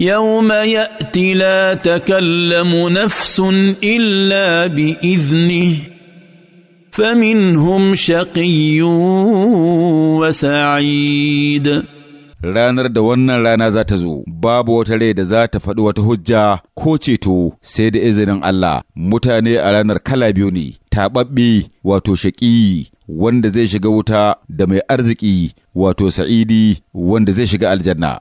يوم ياتي لا تكلم نفس الا باذنه فمنهم شقي وسعيد ranar da wannan rana za ta zo, babu wata rai da za ta faɗi wata hujja ko ceto sai da izinin Allah, mutane a ranar kala biyu ne, taɓaɓɓe wato shaƙi wanda zai shiga wuta da mai arziki wato sa'idi wanda zai shiga aljanna.